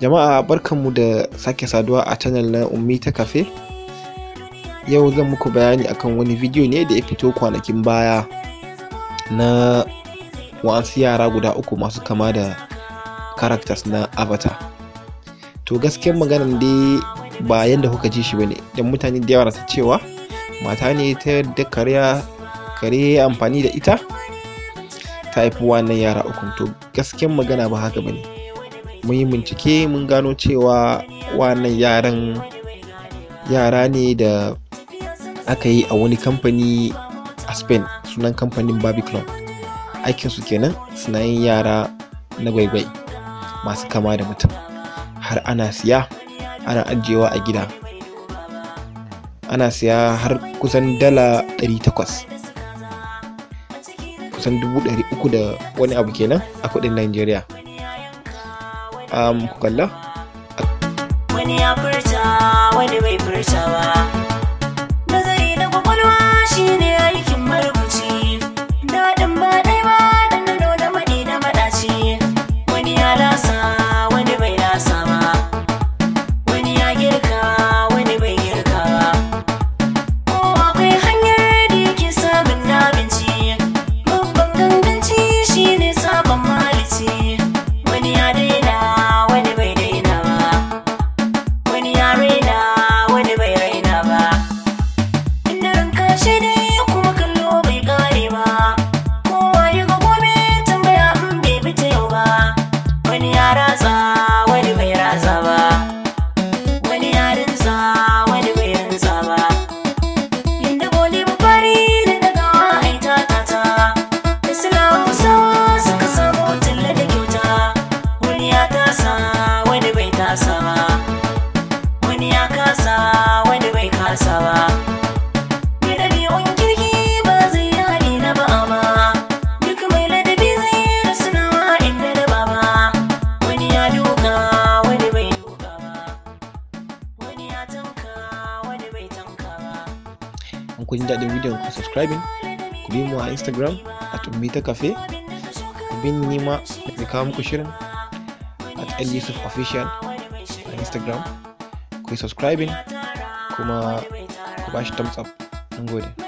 jama'a barkanmu da sake saduwa a channel na ummi ta kafe yau zan muku bayani akan wani bidiyo ne da ya fito kwanakin baya na wasu yara guda uku masu kama da characters na avatar to gaskiyar maganan dai ba yadda kuka ji shi bane dan mutane da yawa ta cewa mata ne ta yadda kare amfani da ita ta haifi wannan yara uku to gaskiyar magana ba haka bane mun yi bincike mun gano cewa wannan yaran yara ne da aka yi a wani kamfani a spain sunan kamfanin aikin su kenan suna yin yara na gwaigwai masu kama da mutum har ana siya ana ajiyewa a gida ana siya har kusan dala 800 kusan 300 da wani abu kenan a kudin nigeria. Ah, um, ku wani ya furta wani bai furta ba 在。in kun ji daɗin bidiyon ku subscribing ku bi mu a instagram at ummita cafe ku bi ni ma da kawo muku shirin at el yusuf official a instagram ku yi subscribing kuma ku ba shi thumbs up. Ngode.